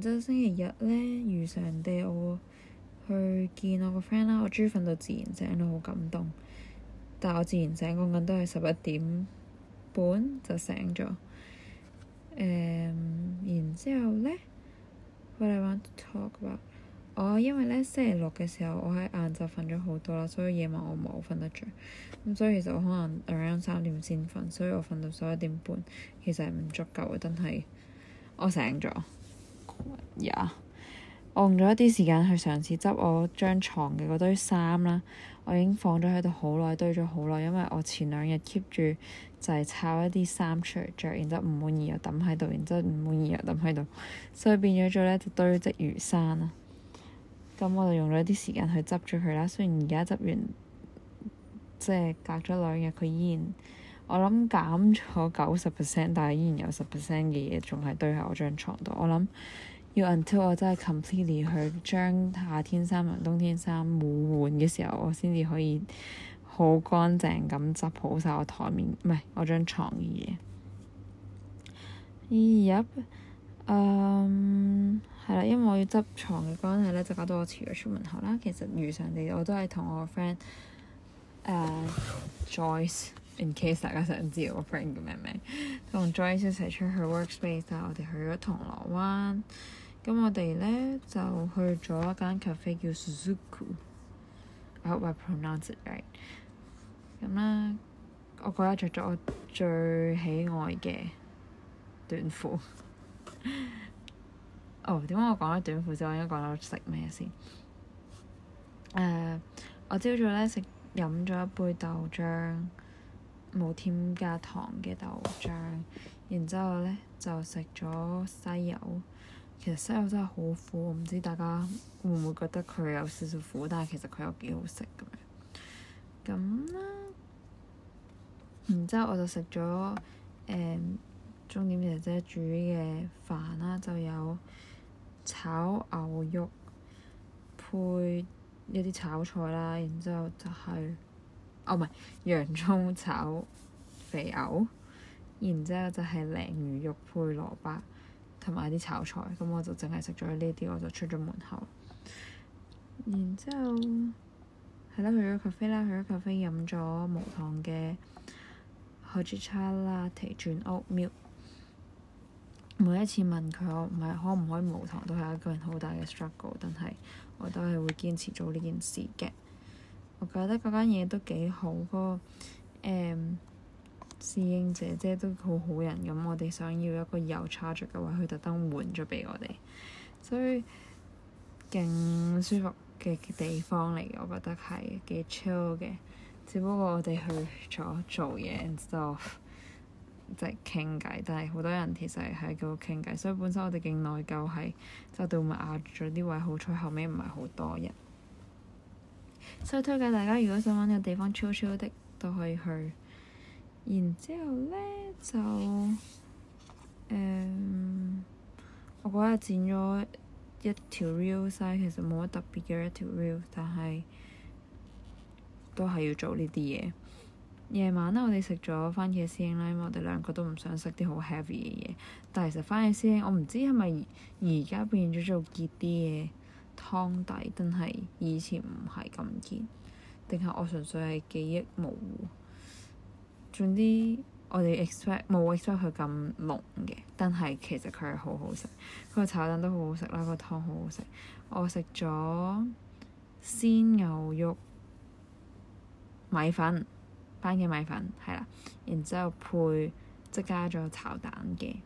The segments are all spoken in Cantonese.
就星期日咧，如常地我去見我個 friend 啦。我終於瞓到自然醒，都好感動。但我自然醒嗰陣都係十一點半就醒咗。誒、um，然之後咧，what do you want to talk about？我、oh, 因為咧星期六嘅時候，我喺晏晝瞓咗好多啦，所以夜晚我冇瞓得着。咁所以其實我可能 around 三點先瞓，所以我瞓到十一點半，其實係唔足夠嘅，真係我醒咗。呀！Yeah. 我用咗一啲時間去嘗試執我張床嘅嗰堆衫啦。我已經放咗喺度好耐，堆咗好耐，因為我前兩日 keep 住就係抄一啲衫出嚟着，然之後唔滿意又抌喺度，然之後唔滿意又抌喺度，所以變咗做呢堆積如山啦。咁我就用咗一啲時間去執住佢啦。雖然而家執完，即係隔咗兩日，佢依然我諗減咗九十 percent，但係依然有十 percent 嘅嘢仲係堆喺我張床度。我諗。要 until 我真係 completely 去將夏天衫同冬天衫互換嘅時候，我先至可以好乾淨咁執好晒我台面，唔係我張床嘅嘢。而家，嗯，係啦，因為我要執床嘅關係咧，就搞到我遲咗出門口啦。其實如常地，我都係同我個 friend，誒、uh，Joyce，In case 大家想知道我個 friend 叫咩名，同 Joyce 一齊出去 workspace 啦。我哋去咗銅鑼灣。咁我哋咧就去咗一間咖啡叫 Suzuku，I hope I pronounce it right。咁啦，我嗰得覺得着咗我最喜愛嘅短褲。 哦，點解我講咗短褲我先，我先，應該講咗食咩先？誒，我朝早咧食飲咗一杯豆漿，冇添加糖嘅豆漿，然之後咧就食咗西柚。其實西柚真係好苦，我唔知大家會唔會覺得佢有少少苦，但係其實佢又幾好食咁樣。咁啦，然之後我就食咗誒鐘點姐姐煮嘅飯啦，就有炒牛肉配一啲炒菜啦，然之後就係、是、哦唔係洋葱炒肥牛，然之後就係鯪魚肉配蘿蔔。同埋啲炒菜，咁我就淨係食咗呢啲，我就出咗門口。然之後，係啦，去咗咖啡啦，去咗咖啡飲咗無糖嘅 hot chocolate latte with oat milk。每一次問佢我唔係可唔可以無糖，都係一個人好大嘅 struggle，但係我都係會堅持做呢件事嘅。我覺得嗰間嘢都幾好，嗰、嗯、個師兄姐姐都好好人，咁我哋想要一個有 charge 嘅位，佢特登換咗畀我哋，所以勁舒服嘅地方嚟，我覺得係幾 chill 嘅。只不過我哋去咗做嘢 and stuff，即係傾偈，但係好多人其實係喺度傾偈，所以本身我哋勁內疚係，就對唔住壓咗啲位。好彩後尾唔係好多人，所以推介大家如果想揾個地方 chill chill 的，都可以去。然之後咧就誒、呃，我嗰日剪咗一條 real size，其實冇乜特別嘅一條 real，但係都係要做呢啲嘢。夜晚咧，我哋食咗番茄先啦，因為，我哋兩個都唔想食啲好 heavy 嘅嘢。但係其實番茄先，我唔知係咪而家變咗做結啲嘢湯底，定係以前唔係咁結，定係我純粹係記憶模糊。總之我，我哋 expect 冇 expect 佢咁濃嘅，但係其實佢係好好食。佢個炒蛋都好好食啦，嗰個湯好好食。我食咗鮮牛肉米粉，班戟米粉係啦，然之後配即加咗炒蛋嘅，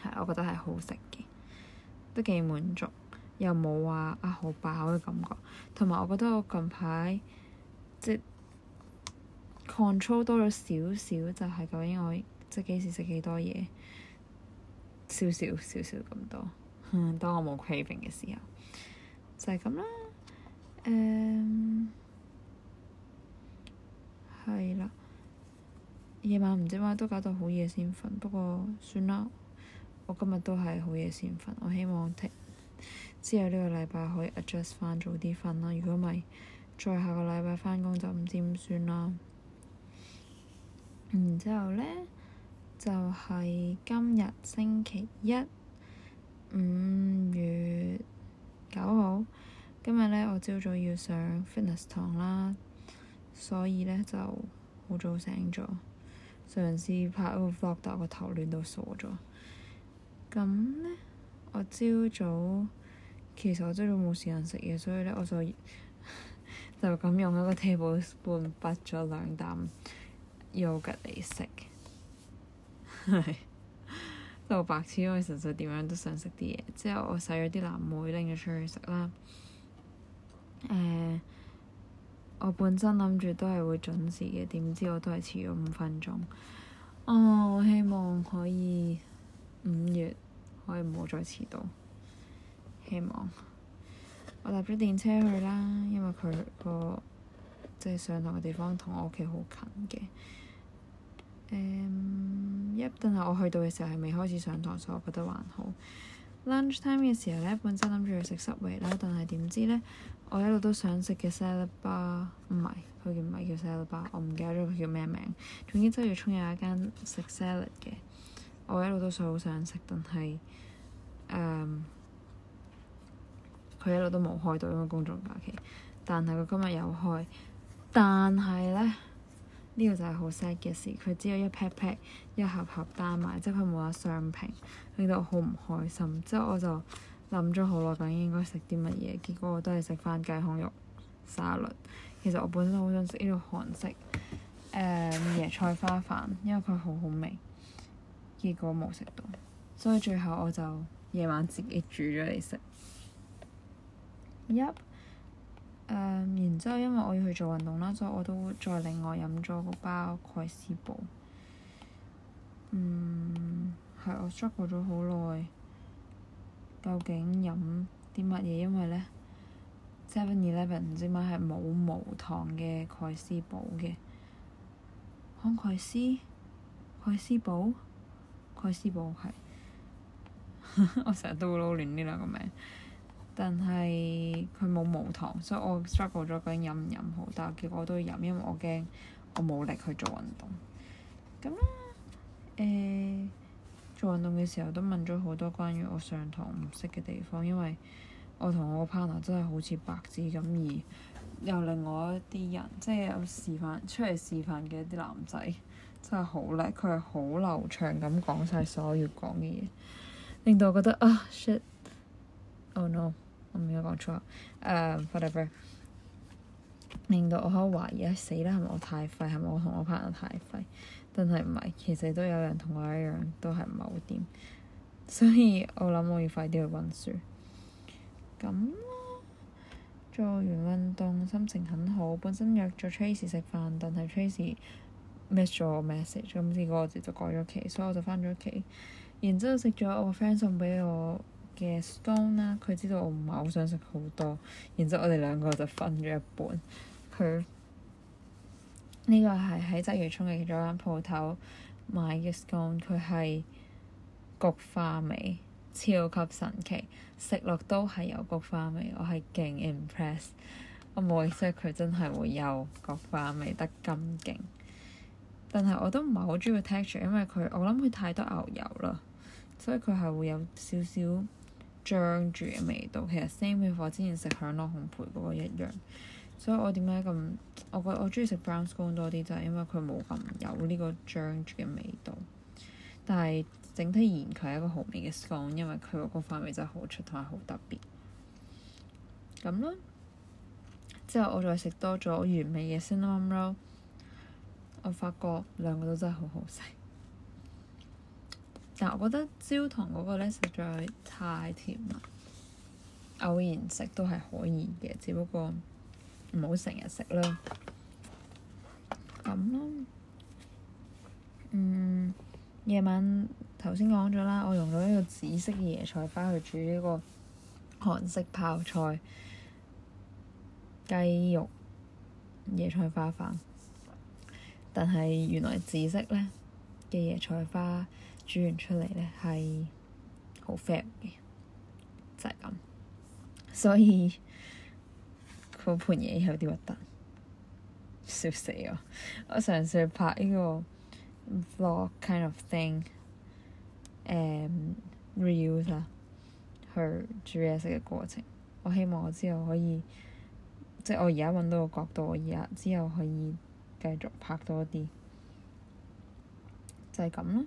係我覺得係好食嘅，都幾滿足，又冇話啊好飽嘅感覺。同埋我覺得我近排即 control 多咗少少，就係、是、究竟我即幾時食幾多嘢，少少少少咁多。 當我冇 craving 嘅時候，就係、是、咁啦。誒、嗯，係啦。夜晚唔知點解都搞到好夜先瞓，不過算啦。我今日都係好夜先瞓，我希望聽之後呢個禮拜可以 adjust 翻早啲瞓啦。如果唔係再下個禮拜翻工就唔知點算啦。然、嗯、之後咧，就係、是、今日星期一，五月九號。今日咧，我朝早要上 fitness 堂啦，所以咧就好早醒咗，上次拍個 vlog，但我個頭亂到傻咗。咁咧，我朝早其實我朝早冇時間食嘢，所以咧我就 就咁用一個 table spoon 拔咗兩啖。又夾嚟食，係都好白痴，因為實在點樣都想食啲嘢。之後我洗咗啲藍莓拎咗出去食啦。誒、呃，我本身諗住都係會準時嘅，點知我都係遲咗五分鐘。哦，我希望可以五月可以唔好再遲到。希望。我搭咗電車去啦，因為佢、嗰個即係、就是、上堂嘅地方同我屋企好近嘅。誒一，um, yeah, 但係我去到嘅時候係未開始上堂，所以我覺得還好。Lunch time 嘅時候呢，本身諗住去食 Subway 啦，但係點知呢？我一路都想食嘅 salad bar，唔係，佢叫唔係叫 salad bar，我唔記得咗佢叫咩名。總之周月衝有一間食 salad 嘅，我一路都想好想食，但係誒，佢、um, 一路都冇開到，因為公眾假期。但係佢今日有開，但係呢。呢個就係好 sad 嘅事，佢只有一 pat pat 一盒一盒，一盒單買，即係佢冇得雙拼，令到我好唔開心。之後我就諗咗好耐究竟應該食啲乜嘢，結果我都係食翻雞胸肉沙律。其實我本身好想食呢個韓式誒芽、呃、椰菜花飯，因為佢好好味，結果冇食到，所以最後我就夜晚自己煮咗嚟食。y、yep. 嗯，um, 然之後因為我要去做運動啦，所以我都再另外飲咗個包蓋斯堡。嗯，係我 search 過咗好耐。究竟飲啲乜嘢？因為咧，Seven Eleven 唔知乜係冇無糖嘅蓋斯堡嘅。康蓋斯，蓋斯堡，蓋斯堡係。 我成日都會撈亂啲兩個名。但係佢冇無糖，所以我 struggle 咗究竟飲唔飲好，但係結果我都飲，因為我驚我冇力去做運動。咁啦、呃，做運動嘅時候都問咗好多關於我上堂唔識嘅地方，因為我同我 partner 真係好似白紙咁而，有另外一啲人，即係有示範出嚟示範嘅一啲男仔，真係好叻，佢係好流暢咁講晒所有要講嘅嘢，令到我覺得啊、oh, shit，oh no！唔應該講錯。呃，whatever。令到我好懷疑啊！死啦，係咪我太廢？係咪我同我朋友太廢？但係唔係，其實都有人同我一樣，都係唔係好掂。所以我諗我要快啲去温書。咁，做完運動心情很好，本身約咗 Tracy 食飯，但係 Tracy miss 咗我 message，咁結果我就改咗期，所以我就翻咗屋企。然之後食咗我個 friend 送俾我。嘅 stone 啦，佢知道我唔係好想食好多，然之後我哋兩個就分咗一半。佢呢、這個係喺鰂魚涌嘅其中一間鋪頭買嘅 stone，佢係菊花味，超級神奇，食落都係有菊花味，我係勁 impress。我冇意識佢真係會有菊花味得咁勁，但係我都唔係好中意佢 texture，因為佢我諗佢太多牛油啦，所以佢係會有少少。醬住嘅味道，其實 same 味況，之前食響浪烘焙嗰個一樣，所以我點解咁？我覺得我中意食 brown scone 多啲，就係、是、因為佢冇咁有呢個醬住嘅味道，但係整體而言佢係一個好味嘅 scone，因為佢嗰個花味真係好出彩、好特別。咁咯，之後我再食多咗完美嘅 cinnamon roll，我發覺兩個都真係好好食。但我覺得焦糖嗰個咧實在太甜啦，偶然食都係可以嘅，只不過唔好成日食啦。咁囉，嗯，夜晚頭先講咗啦，我用咗一個紫色嘅椰菜花去煮呢個韓式泡菜雞肉椰菜花飯，但係原來紫色咧嘅椰菜花。煮完出嚟咧，係好 fail 嘅，就係、是、咁。所以個 盤嘢有啲核突，笑死我！ 我上次拍呢個 vlog kind of thing，誒 reels 啊，去煮嘢食嘅過程，我希望我之後可以，即、就、係、是、我而家揾到個角度，我而家之後可以繼續拍多啲，就係咁啦。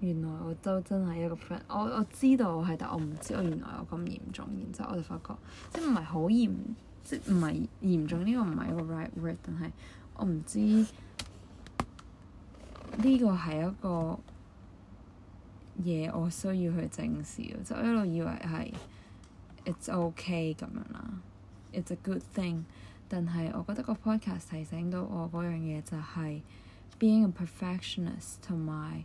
原來我都真係一個 friend，我，我知道我係，但我唔知我原來我咁嚴重。然之後我就發覺，即係唔係好嚴，即係唔係嚴重呢個唔係一個 right word，但係我唔知呢個係一個嘢我需要去正視咯。即係我一路以為係 it's okay 咁樣啦，it's a good thing。但係我覺得個 podcast 提醒到我嗰樣嘢就係 being a perfectionist 同埋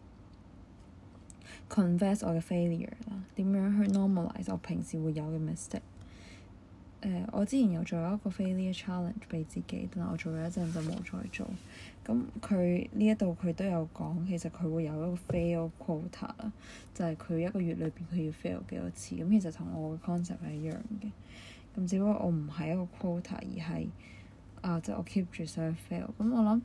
confess 我嘅 failure 啦，點樣去 normalize 我平時會有嘅 mistake？Uh, 我之前有做一個 failure challenge 俾自己，但係我做咗一陣就冇再做。咁佢呢一度佢都有講，其實佢會有一個 fail quota 啦，就係佢一個月裏邊佢要 fail 幾多次。咁其實同我嘅 concept 係一樣嘅。咁只不過我唔係一個 quota，而係啊，即係我 keep 住想 fail。咁我諗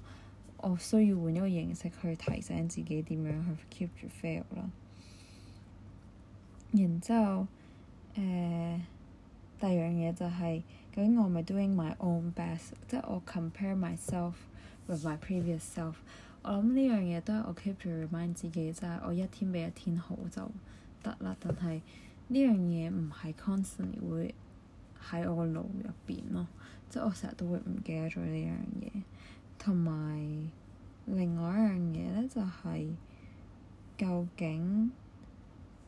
我需要換一個形式去提醒自己點樣去 keep 住 fail 啦。然之後，誒、呃、第二樣嘢就係、是、究竟我係咪 doing my own best，即係我 compare myself with my previous self。我諗呢樣嘢都係我 keep 住 remind 自己，就係、是、我一天比一天好就得啦。但係呢樣嘢唔係 constantly 會喺我腦入邊咯，即係我成日都會唔記得咗呢樣嘢。同埋另外一樣嘢咧，就係究竟。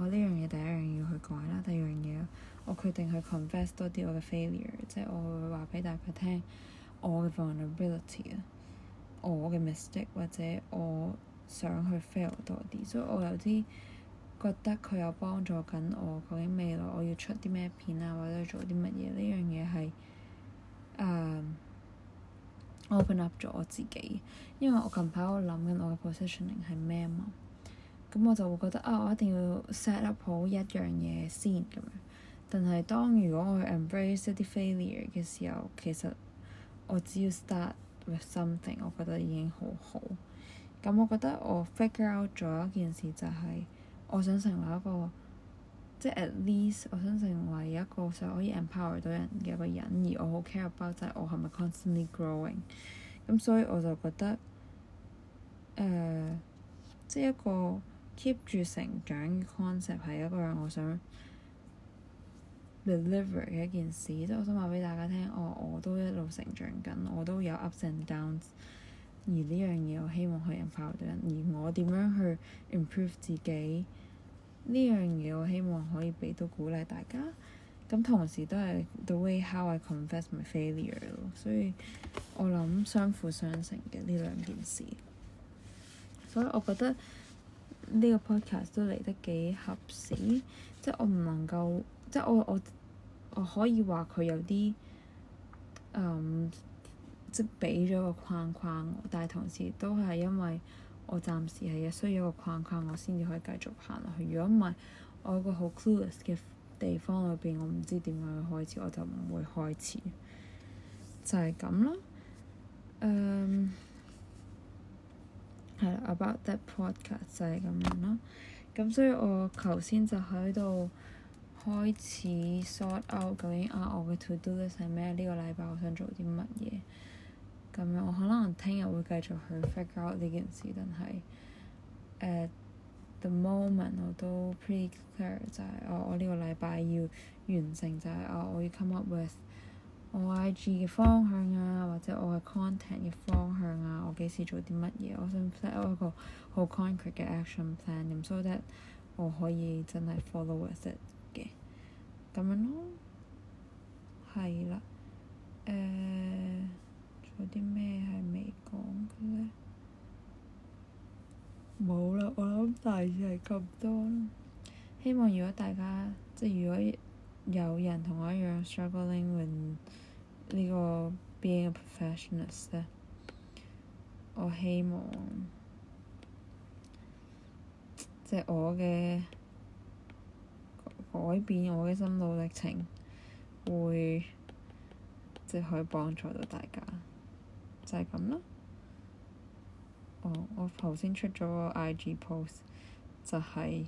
我呢樣嘢第一樣要去改啦，第二樣嘢我決定去 confess 多啲我嘅 failure，即係我會話俾大家聽我嘅 vulnerability 啊，我嘅 mistake 或者我想去 fail 多啲，所以我有啲覺得佢有幫助緊我，究竟未來我要出啲咩片啊，或者做啲乜嘢。呢樣嘢係 open up 咗我自己，因為我近排我諗緊我嘅 positioning 係咩啊嘛。咁我就會覺得啊，我一定要 set up 好一樣嘢先咁樣。但係當如果我去 embrace 一啲 failure 嘅時候，其實我只要 start with something，我覺得已經好好。咁我覺得我 figure out 咗一件事就係，我想成為一個，即係 at least，我想成為一個就可以 empower 到人嘅一個人。而我好 care about 就係我係咪 constantly growing。咁所以我就覺得，誒，即係一個。keep 住成長 concept 係一個我想 deliver 嘅一件事，即係我想話俾大家聽，哦，我都一路成長緊，我都有 ups and downs。而呢樣嘢，我希望可以去引發到人，而我點樣去 improve 自己？呢樣嘢，我希望可以俾到鼓勵大家。咁同時都係 the way how I confess my failure 咯，所以我諗相輔相成嘅呢兩件事。所以我覺得。呢個 podcast 都嚟得幾合時，即係我唔能夠，即係我我我可以話佢有啲、嗯、即係俾咗個框框我，但係同時都係因為我暫時係需要一個框框，我先至可以繼續行落去。如果唔係，我有個好 clueless 嘅地方裏邊，我唔知點樣去開始，我就唔會開始。就係咁囉。嗯。係啦，about that podcast 就係咁樣啦。咁所以我頭先就喺度開始 sort out 究竟啊，我嘅 to do list 係咩？呢個禮拜我想做啲乜嘢？咁樣我可能聽日會繼續去 figure out 呢件事，但係誒，at the moment 我都 pretty clear 就係我我呢個禮拜要完成就係我我要 come up with。我 IG 嘅方向啊，或者我嘅 content 嘅方向啊，我幾時做啲乜嘢？我想 set 一個好 concrete 嘅 action plan 咁，so that 我可以真係 follow with it 嘅。咁樣咯。係啦。誒、呃，仲有啲咩係未講嘅咧？冇啦，我諗大致係咁多。希望如果大家即係如果有人同我一樣 struggling 呢個 being a professional 咧，我希望即係我嘅改變，我嘅心路歷程會即係可以幫助到大家，就係咁囉。哦，我頭先出咗個 IG post，就係、是、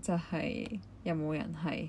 就係、是、有冇人係？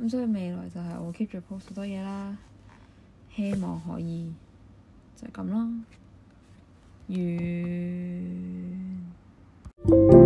咁、嗯、所以未來就係我 keep 住 post 好多嘢啦，希望可以就咁咯，完。